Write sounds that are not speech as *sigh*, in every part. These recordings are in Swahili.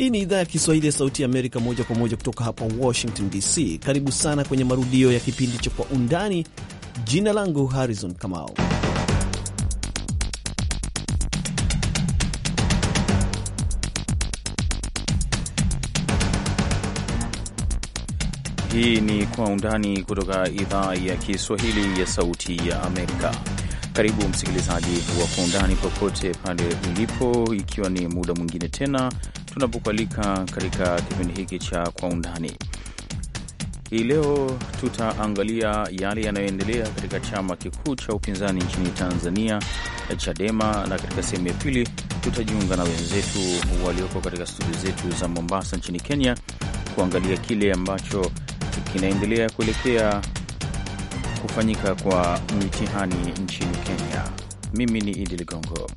Hii ni idhaa ya Kiswahili ya Sauti ya Amerika, moja kwa moja kutoka hapa Washington DC. Karibu sana kwenye marudio ya kipindi cha Kwa Undani. Jina langu Harrison Kamau. Hii ni Kwa Undani kutoka idhaa ya Kiswahili ya Sauti ya Amerika. Karibu msikilizaji wa Kwa Undani popote pale ulipo, ikiwa ni muda mwingine tena tunapokualika katika kipindi hiki cha Kwa Undani. Hii leo tutaangalia yale yanayoendelea katika chama kikuu cha upinzani nchini Tanzania, Chadema, na katika sehemu ya pili tutajiunga na wenzetu walioko katika studio zetu za Mombasa nchini Kenya kuangalia kile ambacho kinaendelea kuelekea kufanyika kwa mitihani nchini Kenya. Mimi ni Idi Ligongo.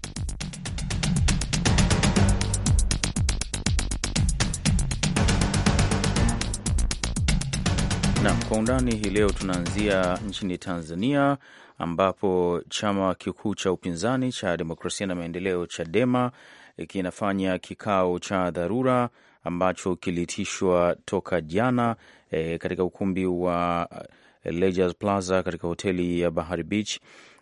Na kwa undani hii leo tunaanzia nchini Tanzania ambapo chama kikuu cha upinzani cha Demokrasia na Maendeleo Chadema kinafanya kikao cha dharura ambacho kiliitishwa toka jana e, katika ukumbi wa Leisure Plaza katika hoteli ya Bahari Beach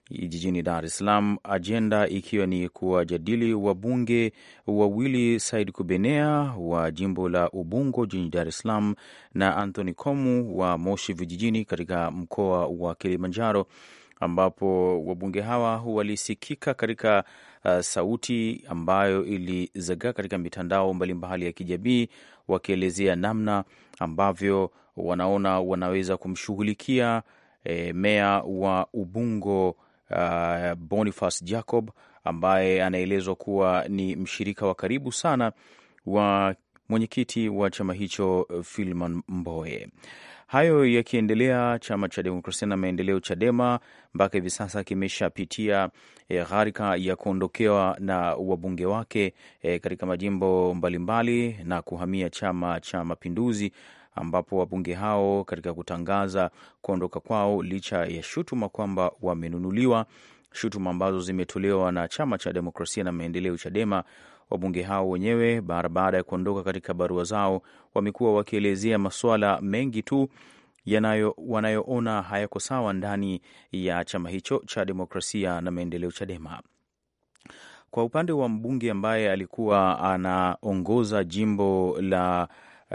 jijini Dar es Salaam, ajenda ikiwa ni kuwajadili wabunge wawili Said Kubenea wa jimbo la Ubungo jijini Dar es Salaam na Anthony Komu wa Moshi vijijini katika mkoa wa Kilimanjaro, ambapo wabunge hawa walisikika katika uh, sauti ambayo ilizagaa katika mitandao mbalimbali ya kijamii wakielezea namna ambavyo wanaona wanaweza kumshughulikia e, meya wa Ubungo uh, Boniface Jacob ambaye anaelezwa kuwa ni mshirika wa karibu sana wa mwenyekiti wa chama hicho Filman Mboe. Hayo yakiendelea, chama cha demokrasia na maendeleo Chadema mpaka hivi sasa kimeshapitia e, gharika ya kuondokewa na wabunge wake e, katika majimbo mbalimbali na kuhamia Chama cha Mapinduzi ambapo wabunge hao katika kutangaza kuondoka kwao licha ya shutuma kwamba wamenunuliwa, shutuma ambazo zimetolewa na chama cha demokrasia na maendeleo Chadema. Wabunge hao wenyewe baada ya kuondoka katika barua zao wamekuwa wakielezea masuala mengi tu yanayo wanayoona hayako sawa ndani ya chama hicho cha demokrasia na maendeleo Chadema. Kwa upande wa mbunge ambaye alikuwa anaongoza jimbo la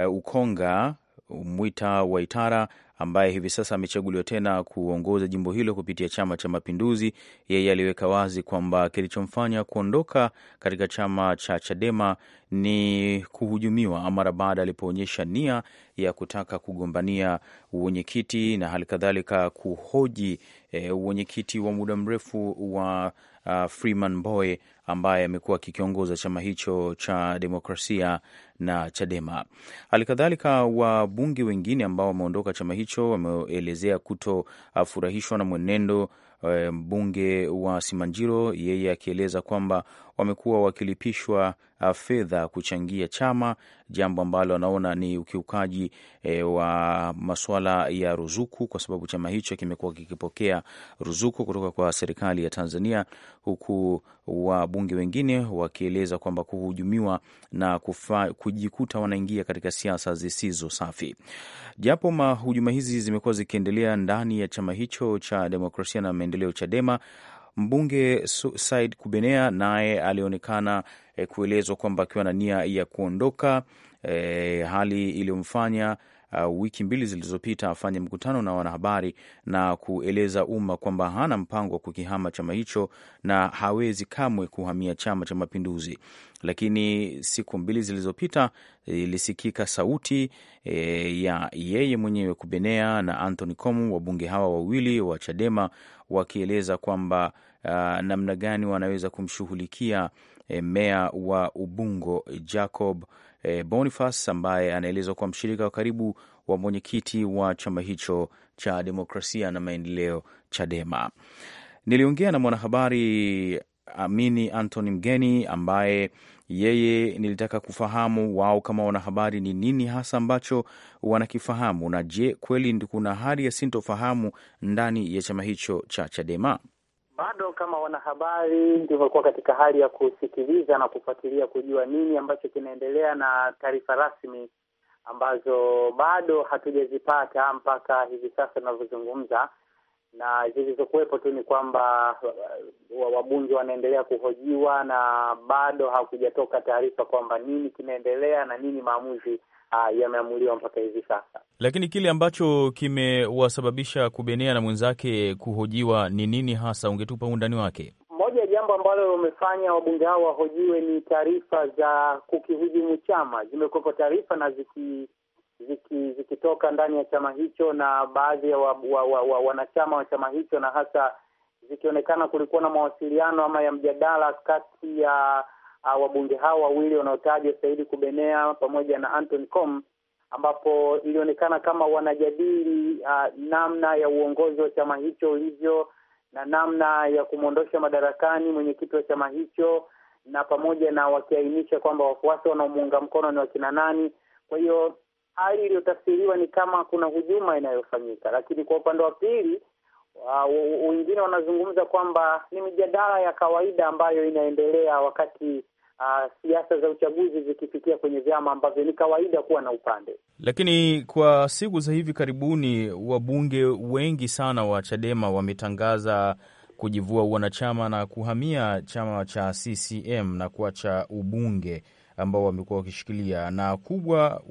uh, Ukonga Mwita Waitara ambaye hivi sasa amechaguliwa tena kuongoza jimbo hilo kupitia Chama cha Mapinduzi. Yeye aliweka wazi kwamba kilichomfanya kuondoka katika chama cha Chadema ni kuhujumiwa mara baada alipoonyesha nia ya kutaka kugombania uwenyekiti na hali kadhalika kuhoji eh, uwenyekiti wa muda mrefu wa uh, Freeman Mbowe ambaye amekuwa akikiongoza chama hicho cha demokrasia na Chadema. Halikadhalika, wabunge wengine ambao wameondoka chama hicho wameelezea kutofurahishwa na mwenendo eh, mbunge wa Simanjiro, yeye akieleza kwamba wamekuwa wakilipishwa uh, fedha kuchangia chama, jambo ambalo wanaona ni ukiukaji e, wa masuala ya ruzuku, kwa sababu chama hicho kimekuwa kikipokea ruzuku kutoka kwa serikali ya Tanzania, huku wabunge wengine wakieleza kwamba kuhujumiwa na kufa, kujikuta wanaingia katika siasa zisizo safi. Japo mahujuma hizi zimekuwa zikiendelea ndani ya chama hicho cha demokrasia na maendeleo, Chadema Mbunge Said Kubenea naye alionekana eh, kuelezwa kwamba akiwa na nia ya kuondoka e, hali iliyomfanya Uh, wiki mbili zilizopita afanye mkutano na wanahabari na kueleza umma kwamba hana mpango wa kukihama chama hicho na hawezi kamwe kuhamia Chama cha Mapinduzi. Lakini siku mbili zilizopita eh, ilisikika sauti e, ya yeye mwenyewe Kubenea na Anthony Komu, wabunge hawa wawili wa Chadema wakieleza kwamba uh, namna gani wanaweza kumshughulikia eh, meya wa Ubungo Jacob eh, Boniface ambaye anaelezwa kuwa mshirika wa karibu wa mwenyekiti wa chama hicho cha demokrasia na maendeleo Chadema. Niliongea na mwanahabari Amini Anthony Mgeni ambaye yeye nilitaka kufahamu wao kama wanahabari ni nini hasa ambacho wanakifahamu, na je, kweli kuna hali ya sintofahamu ndani ya chama hicho cha Chadema? Bado kama wanahabari tumekuwa katika hali ya kusikiliza na kufuatilia kujua nini ambacho kinaendelea na taarifa rasmi ambazo bado hatujazipata mpaka hivi sasa tunavyozungumza na zilizokuwepo tu ni kwamba uh, wabunge wanaendelea kuhojiwa na bado hakujatoka taarifa kwamba nini kinaendelea na nini maamuzi uh, yameamuliwa mpaka hivi sasa. Lakini kile ambacho kimewasababisha Kubenea na mwenzake kuhojiwa ni nini hasa? Ungetupa undani wake. Moja ya jambo ambalo wamefanya wabunge hao wahojiwe ni taarifa za kukihujumu chama. Zimekuwepo taarifa na ziki zikitoka ndani ya chama hicho na baadhi ya wa, wa, wa, wa, wanachama wa chama hicho, na hasa zikionekana kulikuwa na mawasiliano ama ya mjadala kati ya wabunge hao wawili wanaotajwa Saidi Kubenea pamoja na Anton Com, ambapo ilionekana kama wanajadili uh, namna ya uongozi wa chama hicho ulivyo na namna ya kumwondosha madarakani mwenyekiti wa chama hicho, na pamoja na wakiainisha kwamba wafuasi wanaomuunga mkono ni wakina nani. Kwa hiyo hali iliyotafsiriwa ni kama kuna hujuma inayofanyika, lakini kwa upande wa pili wengine uh, wanazungumza kwamba ni mijadala ya kawaida ambayo inaendelea wakati uh, siasa za uchaguzi zikifikia kwenye vyama ambavyo ni kawaida kuwa na upande. Lakini kwa siku za hivi karibuni, wabunge wengi sana wa Chadema wametangaza kujivua wanachama na kuhamia chama cha CCM na kuacha ubunge ambao wamekuwa wakishikilia, na kubwa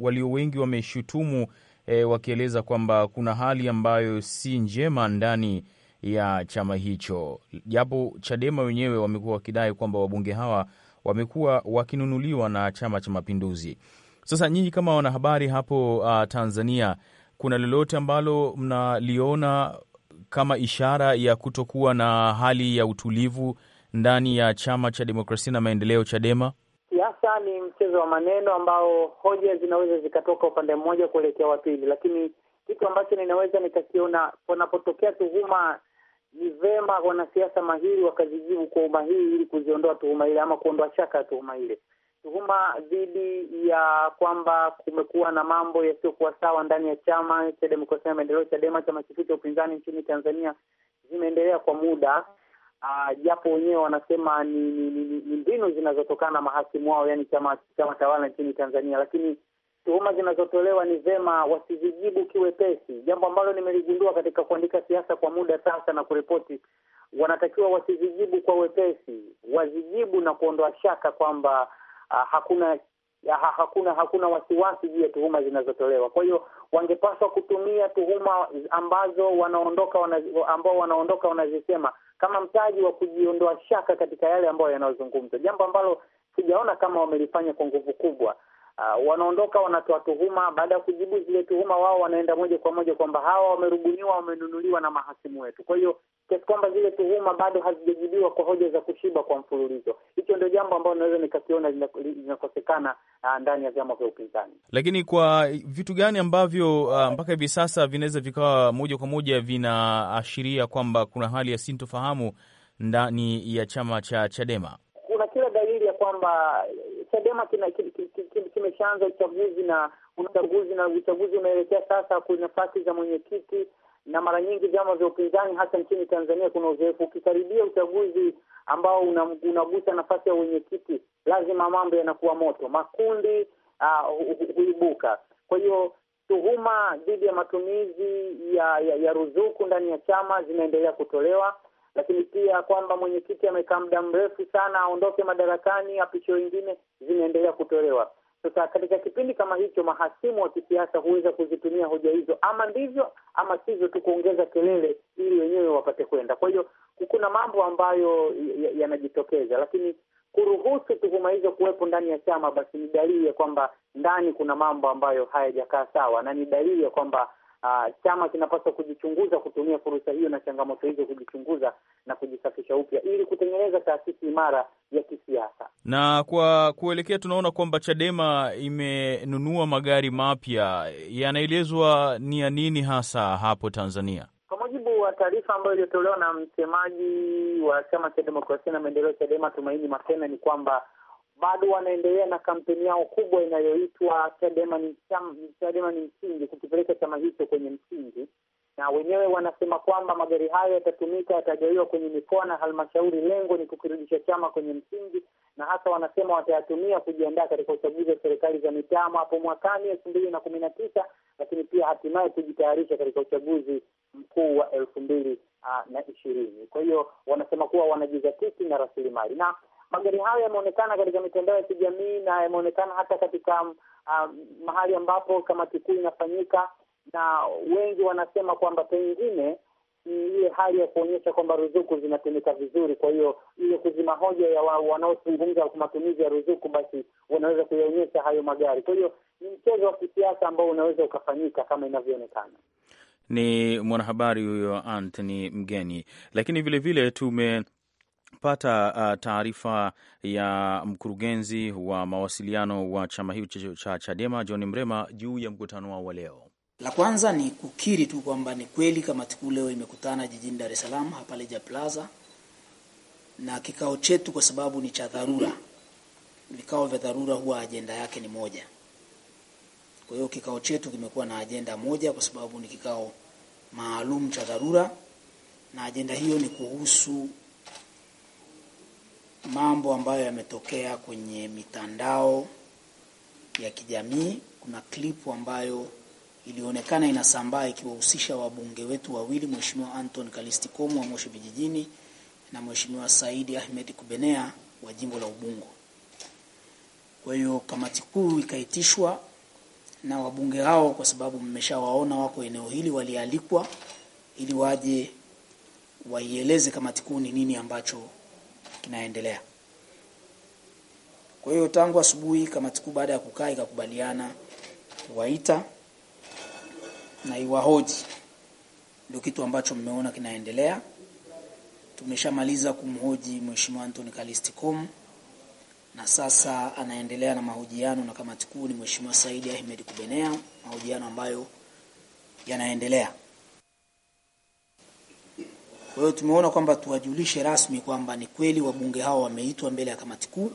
walio wengi wameshutumu e, wakieleza kwamba kuna hali ambayo si njema ndani ya chama hicho, japo Chadema wenyewe wamekuwa wakidai kwamba wabunge hawa wamekuwa wakinunuliwa na Chama cha Mapinduzi. Sasa nyinyi kama wanahabari hapo uh, Tanzania, kuna lolote ambalo mnaliona kama ishara ya kutokuwa na hali ya utulivu ndani ya chama cha demokrasia na maendeleo Chadema? siasa ni mchezo wa maneno ambao hoja zinaweza zikatoka upande mmoja kuelekea wa pili, lakini kitu ambacho ninaweza nikakiona, wanapotokea tuhuma, ni vema wanasiasa mahiri wakazijibu kwa umahiri ili kuziondoa tuhuma ile ama kuondoa shaka ya tuhuma ile. Tuhuma dhidi ya kwamba kumekuwa na mambo yasiyokuwa sawa ndani ya chama cha demokrasia na maendeleo, CHADEMA, chama kikuu cha upinzani nchini Tanzania, zimeendelea kwa muda Ah, japo uh, wenyewe wanasema ni ni, ni, ni mbinu zinazotokana na mahasimu wao, yani chama chama tawala nchini Tanzania, lakini tuhuma zinazotolewa ni vema wasizijibu kiwepesi, jambo ambalo nimeligundua katika kuandika siasa kwa muda sasa na kuripoti. Wanatakiwa wasizijibu kwa wepesi, wazijibu na kuondoa shaka kwamba uh, hakuna Ha, ah, hakuna hakuna wasiwasi juu ya tuhuma zinazotolewa. Kwa hiyo wangepaswa kutumia tuhuma ambazo wanaondoka wana, ambao wanaondoka wanazisema kama mtaji wa kujiondoa shaka katika yale ambayo yanayozungumzwa, jambo ambalo sijaona kama wamelifanya kwa nguvu kubwa uh, wanaondoka wanatoa tuhuma. Baada ya kujibu zile tuhuma, wao wanaenda moja kwa moja kwamba hawa wamerubuniwa, wamenunuliwa na mahasimu wetu. Kwa hiyo kiasi kwamba zile tuhuma bado hazijajibiwa kwa hoja za kushiba kwa mfululizo. Hicho ndio jambo ambalo naweza nikakiona linakosekana uh, ndani ya vyama vya upinzani. Lakini kwa vitu gani ambavyo uh, mpaka hivi sasa vinaweza vikawa moja kwa moja vinaashiria kwamba kuna hali ya sintofahamu ndani ya chama cha Chadema? Kuna kila dalili ya kwamba chama kimeshaanza uchaguzi na uchaguzi na uchaguzi unaelekea sasa kwa nafasi za mwenyekiti, na mara nyingi vyama vya upinzani hasa nchini Tanzania kuna uzoefu, ukikaribia uchaguzi ambao unagusa nafasi ya wenyekiti, lazima mambo yanakuwa moto, makundi ah, huibuka. Uh, kwa hiyo tuhuma dhidi ya matumizi ya, ya, ya ruzuku ndani ya chama zinaendelea kutolewa lakini pia kwamba mwenyekiti amekaa muda mrefu sana, aondoke madarakani, apisho wengine, zinaendelea kutolewa. Sasa katika kipindi kama hicho, mahasimu wa kisiasa huweza kuzitumia hoja hizo, ama ndivyo ama sivyo tu, kuongeza kelele ili wenyewe wapate kwenda. Kwa hiyo kuna mambo ambayo yanajitokeza, lakini kuruhusu tuhuma hizo kuwepo ndani ya chama, basi ni dalili ya kwamba ndani kuna mambo ambayo hayajakaa sawa, na ni dalili ya kwamba Ah, chama kinapaswa kujichunguza, kutumia fursa hiyo na changamoto hizo kujichunguza na kujisafisha upya ili kutengeneza taasisi imara ya kisiasa. Na kwa kuelekea, tunaona kwamba Chadema imenunua magari mapya, yanaelezwa ni ya nini hasa hapo Tanzania? Kwa mujibu wa taarifa ambayo iliyotolewa na msemaji wa chama cha demokrasia na maendeleo Chadema, Tumaini Makena, ni kwamba bado wanaendelea na kampeni yao kubwa inayoitwa Chadema ni chama, Chadema ni msingi, kukipeleka chama hicho kwenye msingi. Na wenyewe wanasema kwamba magari hayo yatatumika, yatagaiwa kwenye mikoa na halmashauri. Lengo ni kukirudisha chama kwenye msingi, na hasa wanasema watayatumia kujiandaa katika uchaguzi wa serikali za mitaa hapo mwakani elfu mbili na kumi na tisa, lakini pia hatimaye kujitayarisha katika uchaguzi mkuu wa elfu mbili ah, na ishirini. Kwa hiyo wanasema kuwa wanajizatiti na rasilimali na Magari hayo yameonekana katika mitandao ya kijamii na yameonekana hata katika uh, mahali ambapo kamati kuu inafanyika, na wengi wanasema kwamba pengine ni ile hali ya kuonyesha kwamba ruzuku zinatumika vizuri. Kwa hiyo ile kuzima hoja ya wanaozungumza kwa matumizi ya ruzuku, basi wanaweza kuyaonyesha hayo magari. Kwa hiyo ni mchezo wa kisiasa ambao unaweza ukafanyika kama inavyoonekana. Ni mwanahabari huyo Anthony Mgeni, lakini vilevile tume pata uh, taarifa ya mkurugenzi wa mawasiliano wa chama hicho cha Chadema John Mrema juu ya mkutano wao wa leo. La kwanza ni kukiri tu kwamba ni kweli kamati kuu leo imekutana jijini Dar es Salaam hapa leja Plaza, na kikao chetu kwa sababu ni cha dharura, vikao vya dharura huwa ajenda yake ni moja. Kwa hiyo kikao chetu kimekuwa na ajenda moja kwa sababu ni kikao maalum cha dharura, na ajenda hiyo ni kuhusu mambo ambayo yametokea kwenye mitandao ya kijamii. Kuna klipu ambayo ilionekana inasambaa ikiwahusisha wabunge wetu wawili, Mheshimiwa Anton Kalisti Komu wa Moshi Vijijini na Mheshimiwa Saidi Ahmed Kubenea wa jimbo la Ubungo. Kwa hiyo kamati kuu ikaitishwa na wabunge hao, kwa sababu mmeshawaona wako eneo hili, walialikwa ili waje waieleze kamati kuu ni nini ambacho kinaendelea. Kwa hiyo tangu asubuhi kamati kuu baada ya kukaa ikakubaliana waita na iwahoji, ndio kitu ambacho mmeona kinaendelea. Tumeshamaliza kumhoji Mheshimiwa Anthony Kalistikom na sasa anaendelea na mahojiano na kamati kuu ni Mheshimiwa Saidi Ahmed Kubenea, mahojiano ambayo yanaendelea. Kwa hiyo tumeona kwamba tuwajulishe rasmi kwamba ni kweli wabunge hao wameitwa mbele ya kamati kuu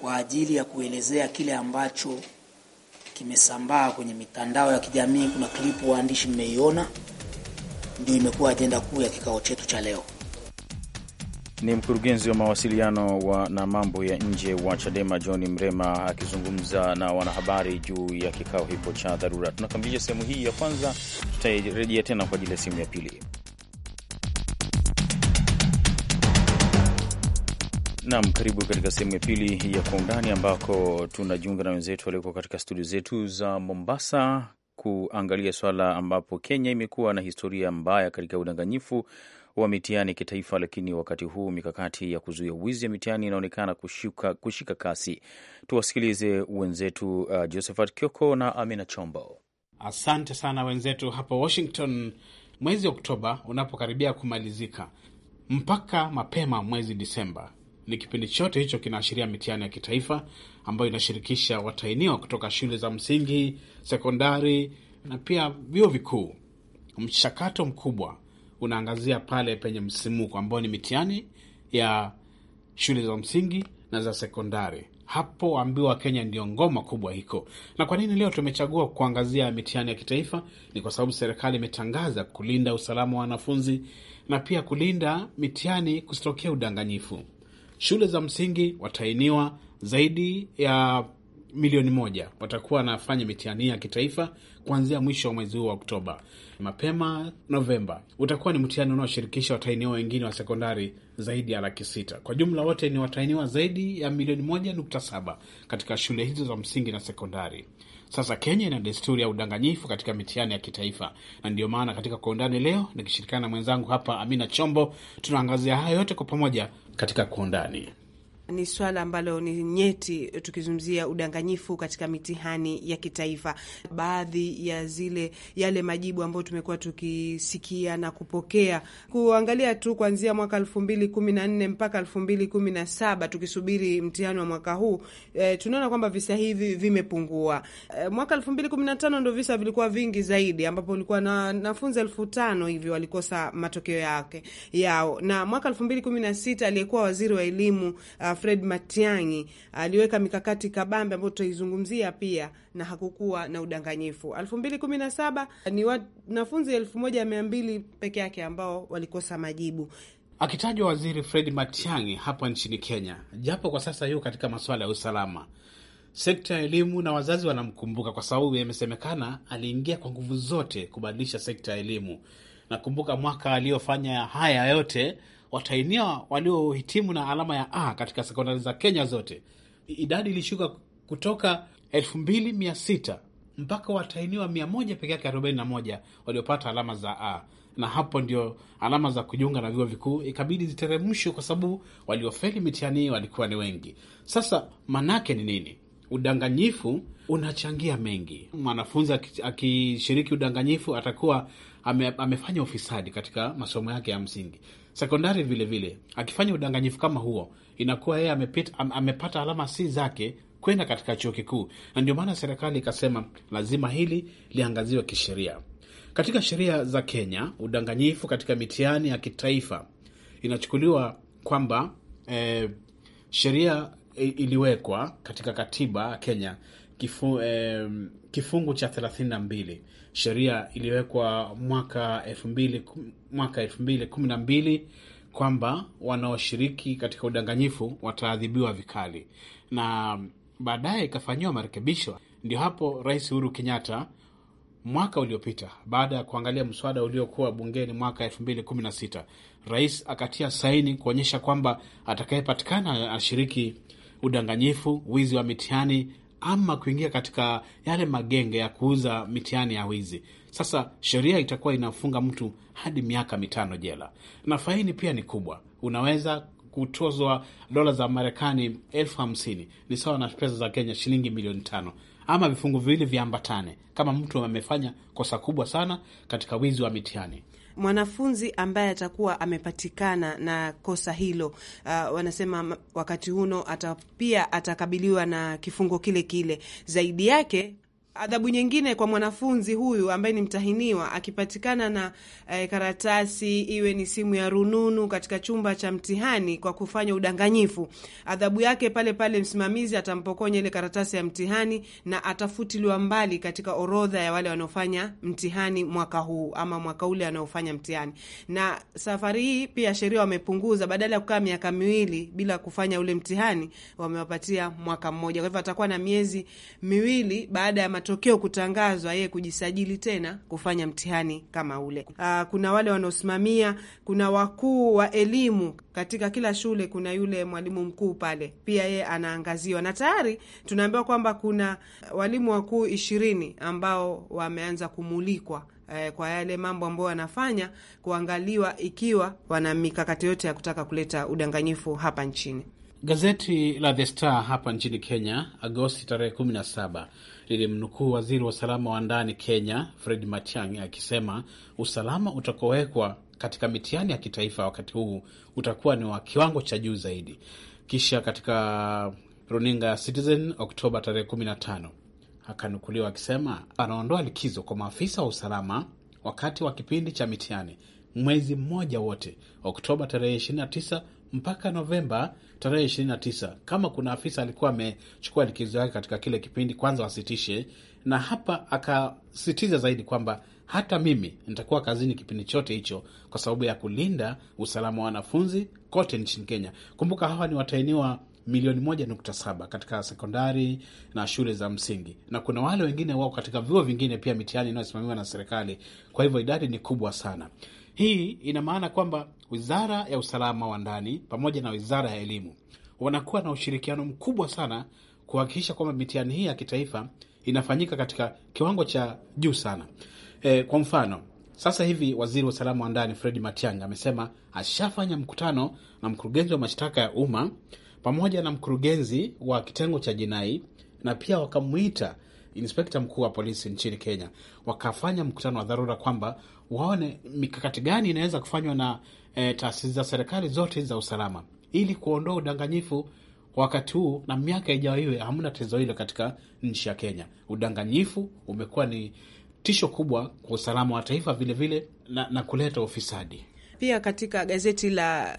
kwa ajili ya kuelezea kile ambacho kimesambaa kwenye mitandao ya kijamii. Kuna klipu waandishi mmeiona, ndio imekuwa ajenda kuu ya kikao chetu cha leo. Ni mkurugenzi wa mawasiliano wa na mambo ya nje wa Chadema John Mrema akizungumza na wanahabari juu ya kikao hicho cha dharura. Tunakamilisha sehemu hii ya kwanza, tutarejea tena kwa ajili ya sehemu ya pili. nam karibu katika sehemu ya pili ya Kwa Undani, ambako tunajiunga na wenzetu walioko katika studio zetu za Mombasa kuangalia swala ambapo Kenya imekuwa na historia mbaya katika udanganyifu wa mitihani kitaifa, lakini wakati huu mikakati ya kuzuia wizi ya mitihani inaonekana kushika, kushika kasi. Tuwasikilize wenzetu uh, Josephat Kioko na Amina Chombo. Asante sana wenzetu hapo Washington. Mwezi Oktoba unapokaribia kumalizika mpaka mapema mwezi Disemba ni kipindi chote hicho kinaashiria mitihani ya kitaifa ambayo inashirikisha watainiwa kutoka shule za msingi, sekondari na pia vyuo vikuu. Mchakato mkubwa unaangazia pale penye msimuko ambao ni mitihani ya shule za msingi na za sekondari. Hapo ambiwa Kenya ndio ngoma kubwa hiko. Na kwa nini leo tumechagua kuangazia mitihani ya kitaifa? Ni kwa sababu serikali imetangaza kulinda usalama wa wanafunzi na pia kulinda mitihani kusitokea udanganyifu. Shule za msingi watainiwa zaidi ya milioni moja watakuwa wanafanya mitihani ya kitaifa kuanzia mwisho wa mwezi huu wa Oktoba. Mapema Novemba utakuwa ni mtihani unaoshirikisha watainiwa wengine wa sekondari zaidi ya laki sita. Kwa jumla wote ni watainiwa zaidi ya milioni moja nukta saba katika shule hizo za msingi na sekondari. Sasa Kenya ina desturi ya udanganyifu katika mitihani ya kitaifa, na ndiyo maana katika Kwa Undani leo nikishirikiana na mwenzangu hapa Amina Chombo tunaangazia haya yote kwa pamoja katika kwa undani ni swala ambalo ni nyeti, tukizungumzia udanganyifu katika mitihani ya kitaifa. Baadhi ya zile yale majibu ambayo tumekuwa tukisikia na kupokea, kuangalia tu kuanzia mwaka elfu mbili kumi na nne mpaka elfu mbili kumi na saba tukisubiri mtihani wa mwaka huu e, tunaona kwamba visa hivi vimepungua. E, mwaka elfu mbili kumi na tano ndo visa vilikuwa vingi zaidi, ambapo ulikuwa na wanafunzi elfu tano hivi walikosa matokeo yake yao, na mwaka elfu mbili kumi na sita aliyekuwa waziri wa elimu uh, Fred Matiang'i aliweka mikakati kabambe ambayo tutaizungumzia pia, na hakukuwa na udanganyifu. elfu mbili kumi na saba ni wanafunzi elfu moja mia mbili peke yake ambao walikosa majibu. Akitajwa Waziri Fred Matiang'i hapa nchini Kenya, japo kwa sasa yuko katika masuala ya usalama, sekta ya elimu na wazazi wanamkumbuka kwa sababu imesemekana aliingia kwa nguvu zote kubadilisha sekta ya elimu. Nakumbuka mwaka aliyofanya haya yote watainia waliohitimu na alama ya A katika sekondari za Kenya zote. Idadi ilishuka kutoka 2600 mpaka watainiwa 100 peke yake 41 waliopata alama za A, na hapo ndio alama za kujiunga na vyuo vikuu ikabidi ziteremshwe kwa sababu waliofeli mitihani walikuwa ni wengi. Sasa manake ni nini? Udanganyifu unachangia mengi. Mwanafunzi akishiriki udanganyifu atakuwa ame, amefanya ufisadi katika masomo yake ya msingi sekondari vilevile. Akifanya udanganyifu kama huo, inakuwa yeye amepita, am, amepata alama si zake kwenda katika chuo kikuu, na ndio maana serikali ikasema lazima hili liangaziwe kisheria. Katika sheria za Kenya, udanganyifu katika mitihani ya kitaifa inachukuliwa kwamba eh, sheria iliwekwa katika katiba ya Kenya kifu, eh, kifungu cha 32 sheria iliyowekwa mwaka 2000 mwaka 2012 kwamba wanaoshiriki katika udanganyifu wataadhibiwa vikali, na baadaye ikafanyiwa marekebisho. Ndio hapo Rais Uhuru Kenyatta mwaka uliopita, baada ya kuangalia mswada uliokuwa bungeni mwaka 2016, rais akatia saini kuonyesha kwamba atakayepatikana ashiriki udanganyifu, wizi wa mitihani ama kuingia katika yale magenge ya kuuza mitihani ya wizi. Sasa sheria itakuwa inafunga mtu hadi miaka mitano jela, na faini pia ni kubwa, unaweza kutozwa dola za Marekani elfu hamsini ni sawa na pesa za Kenya shilingi milioni tano ama vifungu viwili viambatane, kama mtu amefanya kosa kubwa sana katika wizi wa mitihani mwanafunzi ambaye atakuwa amepatikana na kosa hilo uh, wanasema wakati huno ata, pia atakabiliwa na kifungo kile kile. Zaidi yake adhabu nyingine kwa mwanafunzi huyu ambaye ni mtahiniwa akipatikana na e, karatasi iwe ni simu ya rununu katika chumba cha mtihani kwa kufanya udanganyifu, adhabu yake pale pale, msimamizi atampokonya ile karatasi ya mtihani na atafutiliwa mbali katika orodha ya wale wanaofanya mtihani mwaka huu ama mwaka ule anaofanya mtihani. Na safari hii pia sheria wamepunguza, badala ya kukaa miaka miwili bila kufanya ule mtihani wamewapatia mwaka mmoja. Kwa hivyo atakuwa na miezi miwili baada ya matokeo kutangazwa, yeye kujisajili tena kufanya mtihani kama ule. Aa, ah, kuna wale wanaosimamia, kuna wakuu wa elimu katika kila shule, kuna yule mwalimu mkuu pale, pia yeye anaangaziwa, na tayari tunaambiwa kwamba kuna walimu wakuu ishirini ambao wameanza kumulikwa eh, kwa yale mambo ambayo wanafanya, kuangaliwa ikiwa wana mikakati yote ya kutaka kuleta udanganyifu hapa nchini. Gazeti la The Star hapa nchini Kenya, Agosti tarehe 17 lilimnukuu waziri wa usalama wa ndani Kenya Fred Matiang'i akisema usalama utakowekwa katika mitihani ya kitaifa wakati huu utakuwa ni wa kiwango cha juu zaidi. Kisha katika runinga ya Citizen Oktoba tarehe 15 akanukuliwa akisema anaondoa likizo kwa maafisa wa usalama wakati wa kipindi cha mitihani mwezi mmoja wote, Oktoba tarehe 29 mpaka Novemba tarehe 29. Kama kuna afisa alikuwa amechukua likizo yake katika kile kipindi, kwanza wasitishe, na hapa akasitiza zaidi kwamba hata mimi nitakuwa kazini kipindi chote hicho kwa sababu ya kulinda usalama wa wanafunzi kote nchini Kenya. Kumbuka hawa ni watainiwa milioni moja nukta saba katika sekondari na shule za msingi, na kuna wale wengine wao katika vyuo vingine pia mitihani inayosimamiwa na serikali. Kwa hivyo idadi ni kubwa sana. Hii ina maana kwamba wizara ya usalama wa ndani pamoja na wizara ya elimu wanakuwa na ushirikiano mkubwa sana kuhakikisha kwamba mitihani hii ya kitaifa inafanyika katika kiwango cha juu sana. E, kwa mfano sasa hivi waziri wa usalama wa ndani Fred Matiang'i amesema ashafanya mkutano na mkurugenzi wa mashtaka ya umma pamoja na mkurugenzi wa kitengo cha jinai na pia wakamwita inspekta mkuu wa polisi nchini Kenya, wakafanya mkutano wa dharura kwamba waone mikakati gani inaweza kufanywa na e, taasisi za serikali zote za usalama ili kuondoa udanganyifu wakati huu na miaka ijao iwe hamna tatizo hilo katika nchi ya Kenya. Udanganyifu umekuwa ni tisho kubwa kwa usalama wa taifa vilevile vile, na, na kuleta ufisadi pia katika gazeti la,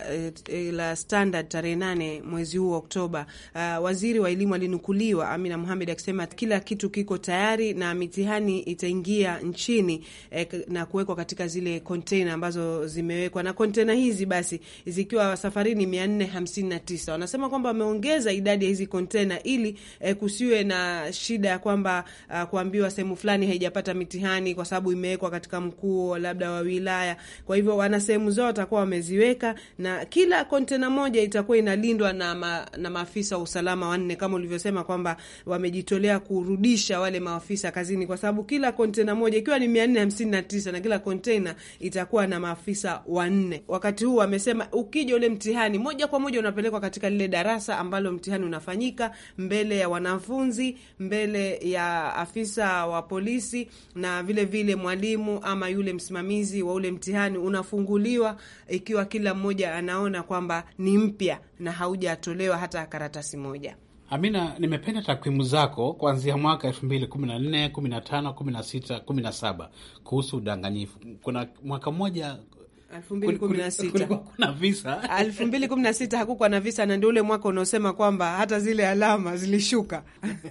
eh, la Standard tarehe nane mwezi huu wa Oktoba, uh, waziri wa elimu alinukuliwa Amina Mohamed akisema kila kitu kiko tayari na mitihani itaingia nchini eh, na kuwekwa katika zile kontena ambazo zimewekwa, na kontena hizi basi zikiwa safarini mia nne hamsini na tisa. wanasema kwamba wameongeza idadi ya hizi kontena ili eh, kusiwe na shida ya kwamba uh, kuambiwa sehemu fulani haijapata mitihani kwa sababu imewekwa katika mkuu labda wa wilaya. Kwa hivyo wana sehemu zao watakuwa wameziweka, na kila kontena moja itakuwa inalindwa na, ma, na maafisa wa usalama wanne, kama ulivyosema kwamba wamejitolea kurudisha wale maafisa kazini, kwa sababu kila kontena moja ikiwa ni mia nne hamsini na tisa na kila kontena itakuwa na maafisa wanne. Wakati huu wamesema, ukija ule mtihani moja kwa moja unapelekwa katika lile darasa ambalo mtihani unafanyika mbele ya wanafunzi, mbele ya afisa wa polisi na vilevile vile mwalimu ama yule msimamizi wa ule mtihani unafunguliwa ikiwa ikiwa kila mmoja anaona kwamba ni mpya na haujatolewa hata karatasi moja. Amina, nimependa takwimu zako kuanzia mwaka elfu mbili kumi na nne, kumi na tano, kumi na sita, kumi na saba kuhusu udanganyifu. Kuna mwaka mmoja kuna elfu mbili kumi na sita hakukuwa na visa, na ndio ule mwaka unaosema kwamba hata zile alama zilishuka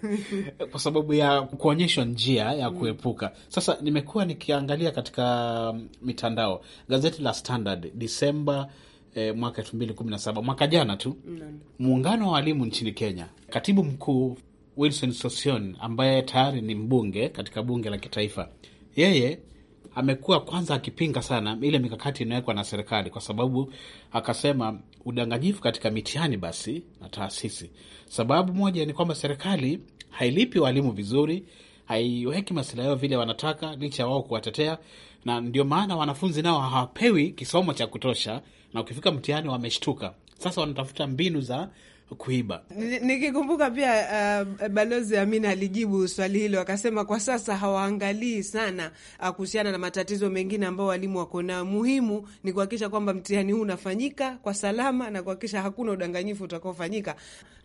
*laughs* kwa sababu ya kuonyeshwa njia ya mm. kuepuka. Sasa nimekuwa nikiangalia katika um, mitandao, gazeti la Standard Disemba E, eh, mwaka elfu mbili kumi na saba mwaka jana tu, muungano wa walimu nchini Kenya, katibu mkuu Wilson Sossion ambaye tayari ni mbunge katika bunge la kitaifa, yeye amekuwa kwanza akipinga sana ile mikakati inayowekwa na serikali, kwa sababu akasema udanganyifu katika mitihani basi na taasisi. Sababu moja ni kwamba serikali hailipi walimu vizuri, haiweki masilahi yao vile wanataka, licha ya wao kuwatetea, na ndio maana wanafunzi nao hawapewi kisomo cha kutosha, na ukifika mtihani wameshtuka. Sasa wanatafuta mbinu za kuiba. Nikikumbuka pia uh, Balozi Amin alijibu swali hilo akasema, kwa sasa hawaangalii sana uh, kuhusiana na matatizo mengine ambao walimu wako nao. Muhimu ni kuhakikisha kwamba mtihani huu unafanyika kwa salama na kuhakikisha hakuna udanganyifu utakaofanyika.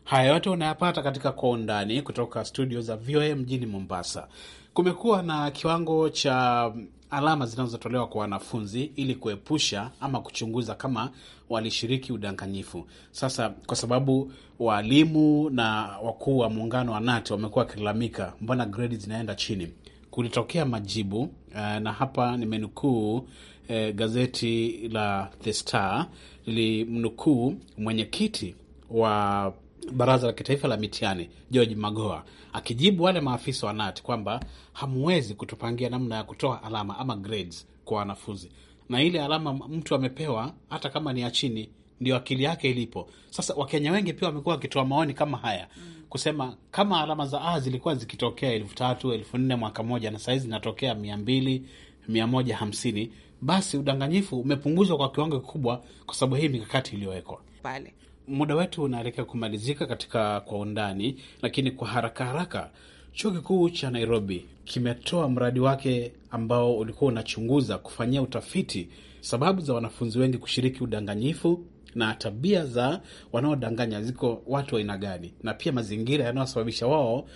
Haya yote unayapata katika Kwa Undani kutoka studio za VOA mjini Mombasa. Kumekuwa na kiwango cha alama zinazotolewa kwa wanafunzi ili kuepusha ama kuchunguza kama walishiriki udanganyifu. Sasa kwa sababu waalimu na wakuu wa muungano wa nati wamekuwa wakilalamika, mbona gredi zinaenda chini, kulitokea majibu eh, na hapa nimenukuu eh, gazeti la The Star lilimnukuu mwenyekiti wa Baraza la Kitaifa la Mitihani George magoa akijibu wale maafisa wa kwamba hamwezi kutupangia namna ya kutoa alama ama grades kwa wanafunzi, na ile alama mtu amepewa hata kama ni ya chini ndio akili yake ilipo. Sasa Wakenya wengi pia wamekuwa wakitoa maoni kama haya kusema kama alama za A zilikuwa zikitokea elfu tatu elfu nne mwaka moja na sahizi zinatokea mia mbili mia moja hamsini basi udanganyifu umepunguzwa kwa kiwango kikubwa, kwa sababu hii mikakati iliyowekwa pale muda wetu unaelekea kumalizika katika kwa undani, lakini kwa haraka haraka, chuo kikuu cha Nairobi kimetoa mradi wake ambao ulikuwa unachunguza kufanyia utafiti sababu za wanafunzi wengi kushiriki udanganyifu na tabia za wanaodanganya ziko watu wa aina gani, na pia mazingira yanayosababisha wao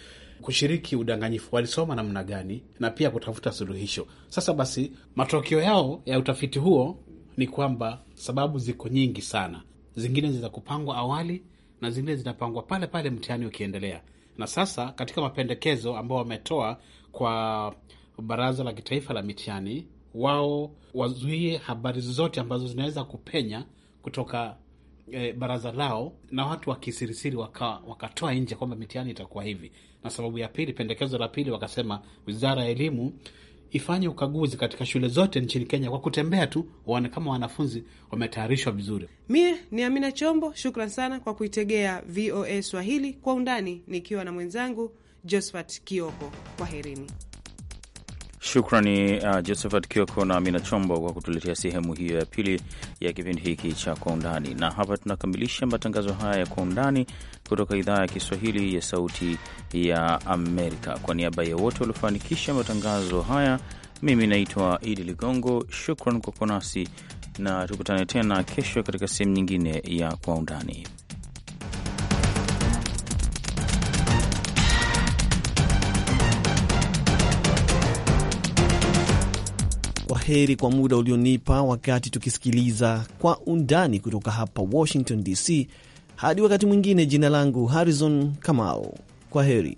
kushiriki udanganyifu, walisoma namna gani, na pia kutafuta suluhisho. Sasa basi, matokeo yao ya utafiti huo ni kwamba sababu ziko nyingi sana, zingine zitakupangwa awali na zingine zinapangwa pale pale mtihani ukiendelea. Na sasa katika mapendekezo ambao wametoa kwa Baraza la Kitaifa la Mitihani, wao wazuie habari zozote ambazo zinaweza kupenya kutoka e, baraza lao na watu wakisirisiri waka, wakatoa nje kwamba mitihani itakuwa hivi. Na sababu ya pili, pendekezo la pili, wakasema wizara ya elimu ifanye ukaguzi katika shule zote nchini Kenya kwa kutembea tu, waone kama wanafunzi wametayarishwa vizuri. Mie ni Amina Chombo, shukran sana kwa kuitegea VOA Swahili kwa undani, nikiwa na mwenzangu Josphat Kioko. Kwaherini. Shukrani uh, Josephat Kioko na Amina Chombo kwa kutuletea sehemu hiyo ya pili ya kipindi hiki cha Kwa Undani, na hapa tunakamilisha matangazo haya ya Kwa Undani kutoka idhaa ya Kiswahili ya Sauti ya Amerika. Kwa niaba ya wote waliofanikisha matangazo haya, mimi naitwa Idi Ligongo. Shukran kwa kuwa nasi na tukutane tena kesho katika sehemu nyingine ya Kwa Undani. heri kwa muda ulionipa wakati tukisikiliza kwa undani kutoka hapa Washington DC. Hadi wakati mwingine, jina langu Harrison Kamau. Kwa heri.